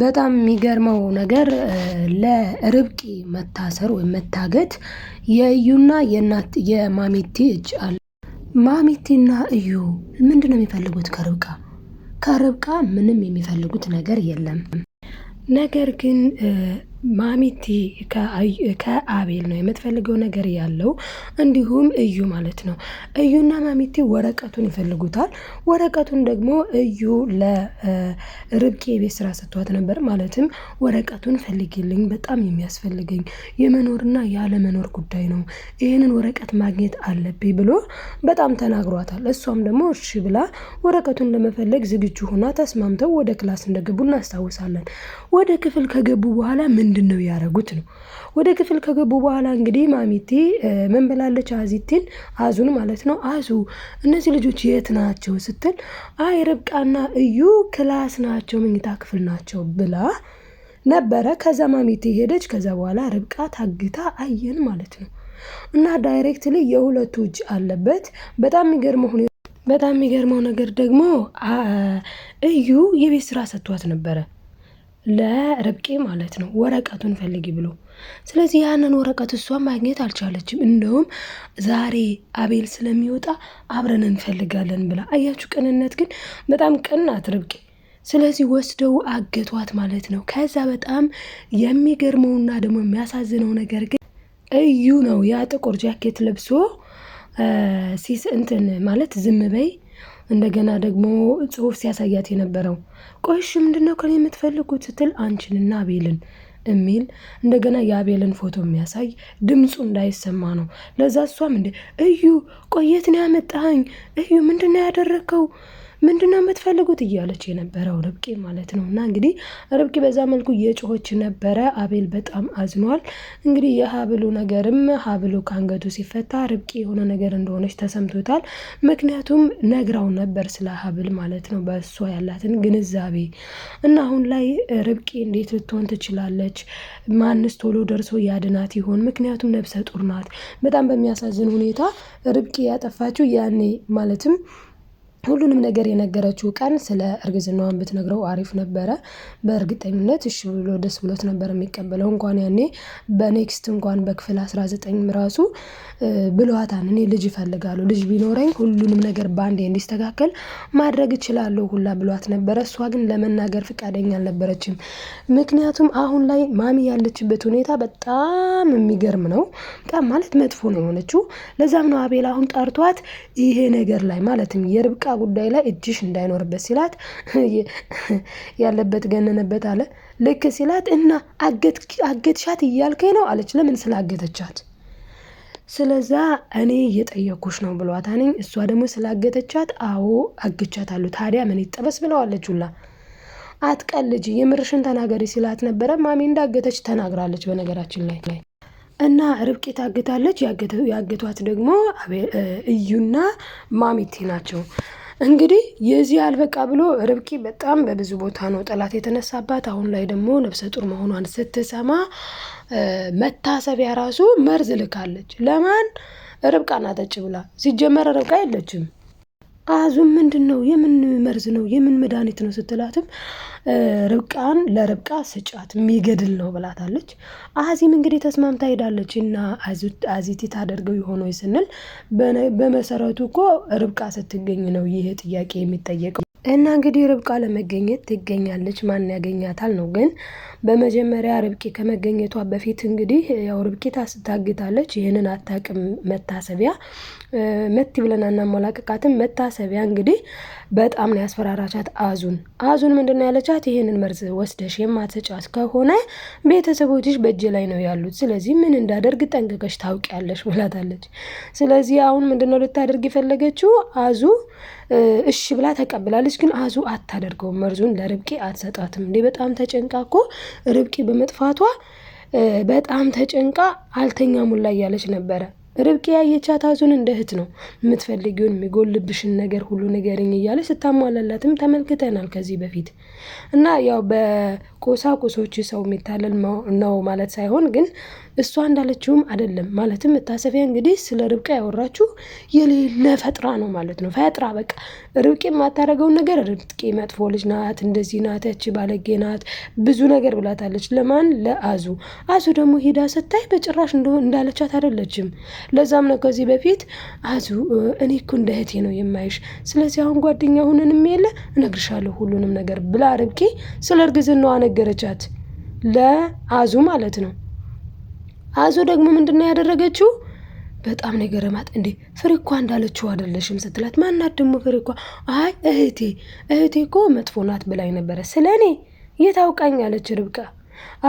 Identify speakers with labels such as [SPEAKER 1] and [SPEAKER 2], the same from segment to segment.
[SPEAKER 1] በጣም የሚገርመው ነገር ለርብቃ መታሰር ወይም መታገት የእዩና የእናት የማሚቲ እጅ አለ። ማሚቲና እዩ ምንድን ነው የሚፈልጉት ከርብቃ? ከርብቃ ምንም የሚፈልጉት ነገር የለም። ነገር ግን ማሚቲ ከአቤል ነው የምትፈልገው ነገር ያለው እንዲሁም እዩ ማለት ነው። እዩና ማሚቲ ወረቀቱን ይፈልጉታል። ወረቀቱን ደግሞ እዩ ለርብቄ የቤት ስራ ሰጥቷት ነበር። ማለትም ወረቀቱን ፈልግልኝ፣ በጣም የሚያስፈልገኝ የመኖርና ያለመኖር ጉዳይ ነው፣ ይህንን ወረቀት ማግኘት አለብኝ ብሎ በጣም ተናግሯታል። እሷም ደግሞ እሺ ብላ ወረቀቱን ለመፈለግ ዝግጁ ሆና ተስማምተው ወደ ክላስ እንደገቡ እናስታውሳለን። ወደ ክፍል ከገቡ በኋላ ምን ምንድን ነው ያደረጉት ነው። ወደ ክፍል ከገቡ በኋላ እንግዲህ ማሚቴ ምን ብላለች? አዚቴን አዙን ማለት ነው። አዙ እነዚህ ልጆች የት ናቸው ስትል፣ አይ ርብቃና እዩ ክላስ ናቸው፣ መኝታ ክፍል ናቸው ብላ ነበረ። ከዛ ማሚቴ ሄደች። ከዛ በኋላ ርብቃ ታግታ አየን ማለት ነው። እና ዳይሬክትሊ የሁለቱ እጅ አለበት። በጣም የሚገርመው በጣም የሚገርመው ነገር ደግሞ እዩ የቤት ስራ ሰጥቷት ነበረ ለርብቃ ማለት ነው ወረቀቱን ፈልጊ ብሎ። ስለዚህ ያንን ወረቀት እሷ ማግኘት አልቻለችም። እንደውም ዛሬ አቤል ስለሚወጣ አብረን እንፈልጋለን ብላ አያችሁ። ቅንነት ግን በጣም ቅናት ርብቄ። ስለዚህ ወስደው አገቷት ማለት ነው። ከዛ በጣም የሚገርመውና ደግሞ የሚያሳዝነው ነገር ግን እዩ ነው ያ ጥቁር ጃኬት ለብሶ ሲስ እንትን ማለት ዝም በይ እንደገና ደግሞ ጽሁፍ ሲያሳያት የነበረው ቆሽ ምንድነው ከኔ የምትፈልጉት ስትል አንቺንና አቤልን የሚል እንደገና የአቤልን ፎቶ የሚያሳይ ድምፁ እንዳይሰማ ነው። ለዛ እሷም እንዴ እዩ ቆየት ነው ያመጣኸኝ? እዩ ምንድነው ያደረግከው ምንድነው የምትፈልጉት እያለች የነበረው ርብቄ ማለት ነው። እና እንግዲህ ርብቃ በዛ መልኩ የጮኸች ነበረ። አቤል በጣም አዝኗል። እንግዲህ የሀብሉ ነገርም ሀብሉ ከአንገቱ ሲፈታ ርብቃ የሆነ ነገር እንደሆነች ተሰምቶታል። ምክንያቱም ነግራው ነበር ስለ ሀብል ማለት ነው፣ በእሷ ያላትን ግንዛቤ እና አሁን ላይ ርብቄ እንዴት ልትሆን ትችላለች? ማንስ ቶሎ ደርሶ ያድናት ይሆን? ምክንያቱም ነብሰ ጡር ናት። በጣም በሚያሳዝን ሁኔታ ርብቄ ያጠፋችው ያኔ ማለትም ሁሉንም ነገር የነገረችው ቀን ስለ እርግዝናዋን ብትነግረው አሪፍ ነበረ። በእርግጠኝነት እሺ ብሎ ደስ ብሎት ነበር የሚቀበለው። እንኳን ያኔ በኔክስት እንኳን በክፍል 19 ዘጠኝም ራሱ ብሏታን እኔ ልጅ ይፈልጋሉ፣ ልጅ ቢኖረኝ ሁሉንም ነገር በአንዴ እንዲስተካከል ማድረግ እችላለሁ ሁላ ብሏት ነበረ። እሷ ግን ለመናገር ፈቃደኛ አልነበረችም። ምክንያቱም አሁን ላይ ማሚ ያለችበት ሁኔታ በጣም የሚገርም ነው። በጣም ማለት መጥፎ ነው የሆነችው። ለዛም ነው አቤል አሁን ጠርቷት ይሄ ነገር ላይ ማለትም የርብቃ ጉዳይ ላይ እጅሽ እንዳይኖርበት ሲላት ያለበት ገነነበት አለ። ልክ ሲላት እና አገትሻት እያልከኝ ነው አለች። ለምን ስላገተቻት ስለዛ እኔ እየጠየኩሽ ነው ብሏታ ነኝ። እሷ ደግሞ ስላገተቻት አዎ አሉ። ታዲያ ምን ይጠበስ ብለዋለች ሁላ አትቀልጂ፣ የምርሽን ተናገሪ ሲላት ነበረ። ማሚ እንዳገተች ተናግራለች። በነገራችን ላይ እና ርብቃ ታግታለች። ያገቷት ደግሞ እዩና ማሚቴ ናቸው። እንግዲህ የዚህ አልበቃ ብሎ ርብቂ በጣም በብዙ ቦታ ነው ጠላት የተነሳባት። አሁን ላይ ደግሞ ነፍሰ ጡር መሆኗን ስትሰማ መታሰቢያ ራሱ መርዝ ልካለች። ለማን ርብቃ ናተች ብላ ሲጀመር ርብቃ የለችም። አዙም ምንድን ነው የምን መርዝ ነው የምን መድኃኒት ነው ስትላትም ርብቃን ለርብቃ ስጫት የሚገድል ነው ብላታለች። አዚም እንግዲህ ተስማምታ ሄዳለች። እና አዚቲ ታደርገው የሆነ ስንል በመሰረቱ እኮ ርብቃ ስትገኝ ነው ይህ ጥያቄ የሚጠየቀው። እና እንግዲህ ርብቃ ለመገኘት ትገኛለች። ማን ያገኛታል ነው ግን በመጀመሪያ ርብቄ ከመገኘቷ በፊት እንግዲህ ያው ርብቃ ታስታግታለች። ይህንን አታውቅም። መታሰቢያ መቲ ብለን አናሞላቀቃትም። መታሰቢያ እንግዲህ በጣም ነው ያስፈራራቻት። አዙን አዙን ምንድን ነው ያለቻት? ይህንን መርዝ ወስደሽ የማትጫት ከሆነ ቤተሰቦችሽ በእጅ ላይ ነው ያሉት፣ ስለዚህ ምን እንዳደርግ ጠንቅቀሽ ታውቂያለሽ ብላታለች። ስለዚህ አሁን ምንድነው ልታደርግ የፈለገችው አዙ እሺ ብላ ተቀብላለች። ግን አዙ አታደርገውም፣ መርዙን ለርብቄ አትሰጣትም። እንዴ በጣም ተጨንቃ እኮ ርብቄ በመጥፋቷ በጣም ተጨንቃ አልተኛ ሙላ እያለች ነበረ። ርብቃ ያየቻት አዞን እንደ እህት ነው። የምትፈልጊውን የሚጎልብሽን ነገር ሁሉ ንገሪኝ እያለች ስታሟላላትም ተመልክተናል ከዚህ በፊት እና ያው በቁሳቁሶች ሰው የሚታለል ነው ማለት ሳይሆን ግን እሷ እንዳለችውም አይደለም። ማለትም መታሰቢያ እንግዲህ ስለ ርብቃ ያወራችሁ የሌለ ፈጥራ ነው ማለት ነው። ፈጥራ በቃ ርብቃ የማታደርገውን ነገር ርብቃ መጥፎ ልጅ ናት፣ እንደዚህ ናት፣ ያቺ ባለጌ ናት፣ ብዙ ነገር ብላታለች። ለማን? ለአዙ። አዙ ደግሞ ሂዳ ስታይ በጭራሽ እንዳለቻት አይደለችም። ለዛም ነው ከዚህ በፊት አዙ እኔ እኮ እንደ እህቴ ነው የማይሽ፣ ስለዚህ አሁን ጓደኛ ሁነንም የለ እነግርሻለሁ ሁሉንም ነገር ብላ ርብቃ ስለ እርግዝናዋ ነገረቻት ለአዙ ማለት ነው። አዙ ደግሞ ምንድን ነው ያደረገችው? በጣም ነው የገረማት። እንዴ ፍሬ እንዳለችው አይደለሽም ስትላት፣ ማናት ደግሞ ፍሬ አይ እህቴ እህቴ እኮ መጥፎ ናት ብላኝ ነበረ ስለ እኔ የታውቃኝ አለች ርብቃ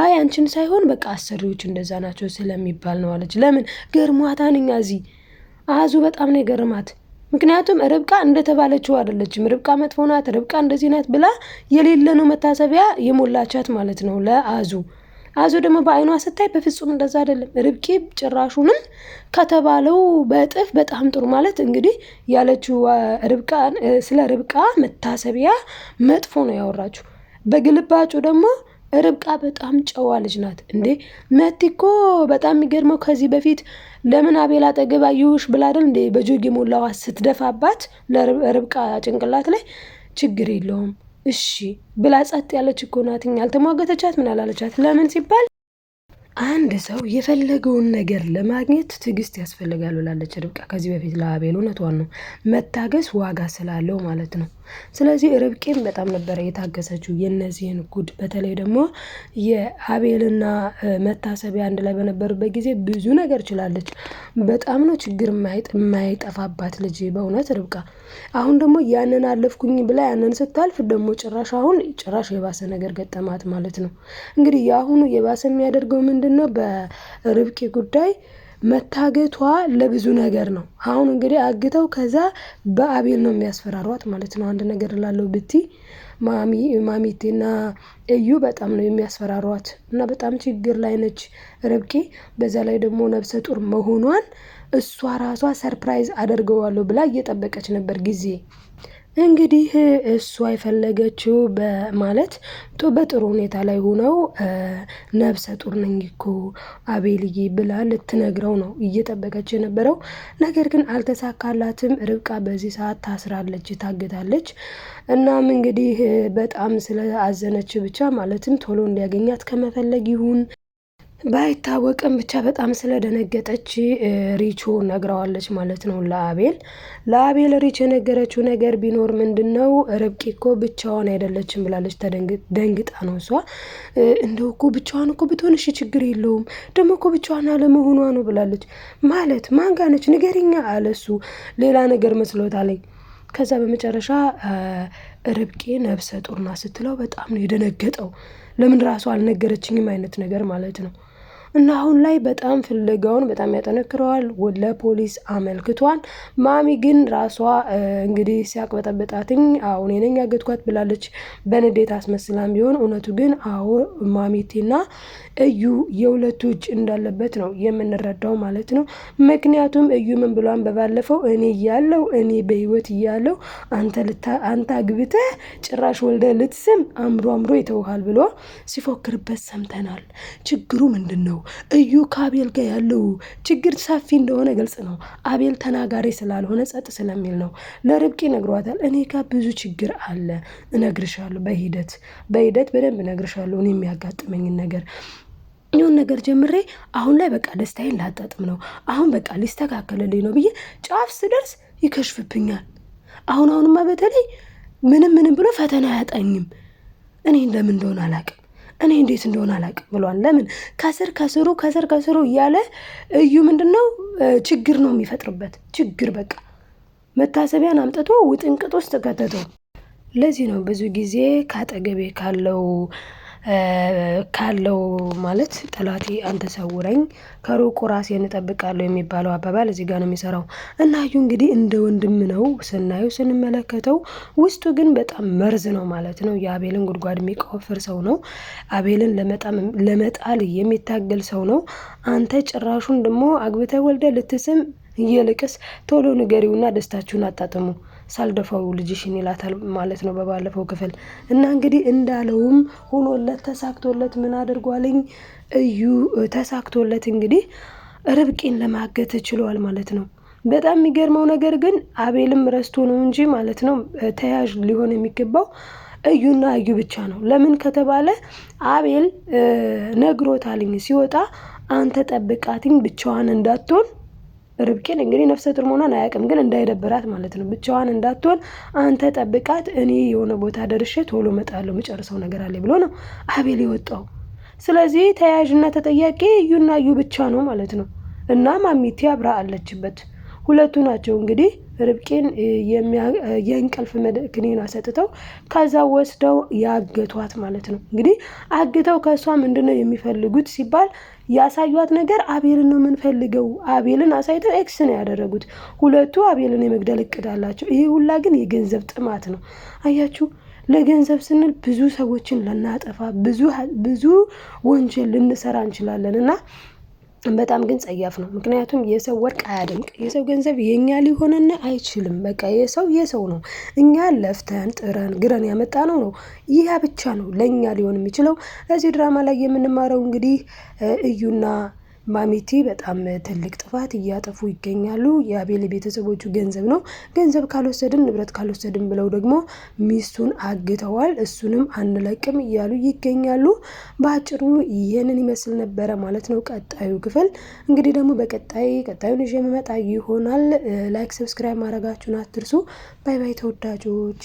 [SPEAKER 1] አይ አንቺን ሳይሆን በቃ አሰሪዎች እንደዛ ናቸው ስለሚባል ነው አለች። ለምን ገርሟታን እኛ እዚህ አዙ በጣም ነው የገርማት። ምክንያቱም ርብቃ እንደተባለችው አይደለችም። ርብቃ መጥፎ ናት፣ ርብቃ እንደዚህ ናት ብላ የሌለ ነው መታሰቢያ የሞላቻት ማለት ነው ለአዙ። አዙ ደግሞ በአይኗ ስታይ በፍጹም እንደዛ አይደለም። ርብቄ ጭራሹንም ከተባለው በእጥፍ በጣም ጥሩ ማለት እንግዲህ ያለችው ርብቃ ስለ ርብቃ መታሰቢያ መጥፎ ነው ያወራችሁ። በግልባጩ ደግሞ ርብቃ በጣም ጨዋ ልጅ ናት እንዴ። መቲ እኮ በጣም የሚገርመው ከዚህ በፊት ለምን አቤል አጠገብ አየሁሽ ብላ አይደል እንዴ በጆጌ ሞላዋ ስትደፋባት ለርብቃ ጭንቅላት ላይ ችግር የለውም እሺ ብላ ጸጥ ያለች እኮ ናት። አልተሟገተቻት ምን አላለቻት ለምን ሲባል አንድ ሰው የፈለገውን ነገር ለማግኘት ትዕግስት ያስፈልጋል ብላለች ርብቃ ከዚህ በፊት ለአቤል። እውነቷን ነው፣ መታገስ ዋጋ ስላለው ማለት ነው። ስለዚህ ርብቄም በጣም ነበረ የታገሰችው የእነዚህን ጉድ። በተለይ ደግሞ የአቤልና መታሰቢያ አንድ ላይ በነበሩበት ጊዜ ብዙ ነገር ችላለች። በጣም ነው ችግር የማይጠፋባት ልጅ በእውነት ርብቃ። አሁን ደግሞ ያንን አለፍኩኝ ብላ ያንን ስታልፍ ደግሞ ጭራሽ አሁን ጭራሽ የባሰ ነገር ገጠማት ማለት ነው። እንግዲህ የአሁኑ የባሰ የሚያደርገው ምንድን ምንድነው በርብቂ ጉዳይ መታገቷ ለብዙ ነገር ነው። አሁን እንግዲህ አግተው ከዛ በአቤል ነው የሚያስፈራሯት ማለት ነው። አንድ ነገር ላለው ብቲ ማሚቴና እዩ በጣም ነው የሚያስፈራሯት እና በጣም ችግር ላይ ነች ርብቂ። በዛ ላይ ደግሞ ነፍሰ ጡር መሆኗን እሷ ራሷ ሰርፕራይዝ አደርገዋለሁ ብላ እየጠበቀች ነበር ጊዜ እንግዲህ እሷ የፈለገችው በማለት በጥሩ ሁኔታ ላይ ሆነው ነብሰ ጡር ነኝ እኮ አቤልዬ ብላ ልትነግረው ነው እየጠበቀች የነበረው። ነገር ግን አልተሳካላትም። ርብቃ በዚህ ሰዓት ታስራለች፣ ታግታለች። እናም እንግዲህ በጣም አዘነች ብቻ ማለትም ቶሎ እንዲያገኛት ከመፈለግ ይሁን ባይታወቅም ብቻ በጣም ስለደነገጠች ሪቾ ነግረዋለች ማለት ነው ለአቤል። ለአቤል ሪቾ የነገረችው ነገር ቢኖር ምንድን ነው ርብቃ እኮ ብቻዋን አይደለችም ብላለች። ደንግጣ ነው እሷ እንደው እኮ ብቻዋን እኮ ብትሆን እሺ ችግር የለውም ደግሞ እኮ ብቻዋን አለመሆኗ ነው ብላለች። ማለት ማንጋነች ንገሪኛ ሌላ ነገር መስሎታለኝ። ከዛ በመጨረሻ ርብቄ ነብሰ ጡርና ስትለው በጣም ነው የደነገጠው። ለምን ራሱ አልነገረችኝም አይነት ነገር ማለት ነው። እና አሁን ላይ በጣም ፍለጋውን በጣም ያጠነክረዋል። ለፖሊስ አመልክቷል። ማሚ ግን ራሷ እንግዲህ ሲያቅበጠበጣትኝ አዎ እኔ ነኝ ያገትኳት ብላለች፣ በንዴት አስመስላም ቢሆን እውነቱ ግን አዎ ማሚቴና እዩ የሁለቱ እጅ እንዳለበት ነው የምንረዳው ማለት ነው። ምክንያቱም እዩ ምን ብሏን በባለፈው እኔ እያለው እኔ በህይወት እያለው አንተ አግብተህ ጭራሽ ወልደ ልትስም አምሮ አምሮ ይተውሃል ብሎ ሲፎክርበት ሰምተናል። ችግሩ ምንድን ነው? ነው። እዩ ከአቤል ጋር ያለው ችግር ሰፊ እንደሆነ ግልጽ ነው። አቤል ተናጋሪ ስላልሆነ ጸጥ ስለሚል ነው። ለርብቃ ይነግሯታል። እኔ ጋር ብዙ ችግር አለ፣ እነግርሻለሁ። በሂደት በሂደት በደንብ እነግርሻለሁ እኔ የሚያጋጥመኝን ነገር ይሁን ነገር ጀምሬ አሁን ላይ በቃ ደስታዬን ላጣጥም ነው። አሁን በቃ ሊስተካከልልኝ ነው ብዬ ጫፍ ስደርስ ይከሽፍብኛል። አሁን አሁንማ በተለይ ምንም ምንም ብሎ ፈተና አያጣኝም። እኔ እንደምን እንደሆነ አላውቅም። እኔ እንዴት እንደሆነ አላውቅም ብሏል። ለምን ከስር ከስሩ ከስር ከስሩ እያለ እዩ ምንድን ነው ችግር ነው የሚፈጥርበት ችግር በቃ መታሰቢያን አምጥቶ ውጥንቅጥ ውስጥ ከተተው። ለዚህ ነው ብዙ ጊዜ ከአጠገቤ ካለው ካለው ማለት ጠላቴ አንተ ሰውረኝ ከሩቁ ራሴ እንጠብቃለሁ የሚባለው አባባል እዚህ ጋር ነው የሚሰራው። እና ዩ እንግዲህ እንደ ወንድም ነው ስናየው ስንመለከተው፣ ውስጡ ግን በጣም መርዝ ነው ማለት ነው። የአቤልን ጉድጓድ የሚቆፍር ሰው ነው። አቤልን ለመጣል የሚታገል ሰው ነው። አንተ ጭራሹን ደግሞ አግብተ ወልደ ልትስም፣ እየልቅስ ቶሎ ንገሪውና ደስታችሁን አጣጥሙ። ሳልደፋው ልጅሽን ይላታል ማለት ነው በባለፈው ክፍል እና እንግዲህ እንዳለውም ሆኖለት ተሳክቶለት ምን አድርጓልኝ እዩ ተሳክቶለት እንግዲህ ርብቂን ለማገት ችሏል ማለት ነው። በጣም የሚገርመው ነገር ግን አቤልም ረስቶ ነው እንጂ ማለት ነው ተያዥ ሊሆን የሚገባው እዩና እዩ ብቻ ነው። ለምን ከተባለ አቤል ነግሮታልኝ ሲወጣ አንተ ጠብቃትኝ ብቻዋን እንዳትሆን ርብቃን እንግዲህ ነፍሰ ጡር መሆኗን አያውቅም፣ ግን እንዳይደብራት ማለት ነው። ብቻዋን እንዳትሆን አንተ ጠብቃት፣ እኔ የሆነ ቦታ ደርሼ ቶሎ መጣለሁ፣ መጨረሰው ነገር አለ ብሎ ነው አቤል የወጣው። ስለዚህ ተያያዥና ተጠያቂ እዩና እዩ ብቻ ነው ማለት ነው። እና ማሚቴ አብራ አለችበት። ሁለቱ ናቸው እንግዲህ ርብቄን የእንቅልፍ ክኒን አሰጥተው ከዛ ወስደው ያገቷት ማለት ነው። እንግዲህ አግተው ከእሷ ምንድን ነው የሚፈልጉት ሲባል ያሳዩት ነገር አቤልን ነው የምንፈልገው። አቤልን አሳይተው ኤክስ ነው ያደረጉት። ሁለቱ አቤልን የመግደል እቅድ አላቸው። ይሄ ሁላ ግን የገንዘብ ጥማት ነው። አያችሁ፣ ለገንዘብ ስንል ብዙ ሰዎችን ልናጠፋ፣ ብዙ ወንጀል ልንሰራ እንችላለን እና በጣም ግን ጸያፍ ነው። ምክንያቱም የሰው ወርቅ አያደምቅ። የሰው ገንዘብ የእኛ ሊሆንን አይችልም። በቃ የሰው የሰው ነው። እኛ ለፍተን ጥረን ግረን ያመጣ ነው ነው ይህ ብቻ ነው ለእኛ ሊሆን የሚችለው። እዚህ ድራማ ላይ የምንማረው እንግዲህ እዩና ማሚቲ በጣም ትልቅ ጥፋት እያጠፉ ይገኛሉ። የአቤል ቤተሰቦቹ ገንዘብ ነው ገንዘብ ካልወሰድን ንብረት ካልወሰድን ብለው ደግሞ ሚስቱን አግተዋል። እሱንም አንለቅም እያሉ ይገኛሉ። በአጭሩ ይህንን ይመስል ነበረ ማለት ነው ቀጣዩ ክፍል። እንግዲህ ደግሞ በቀጣይ ቀጣዩን ይዤ የምመጣ ይሆናል። ላይክ፣ ሰብስክራይብ ማድረጋችሁን አትርሱ። ባይ ባይ ተወዳጆች።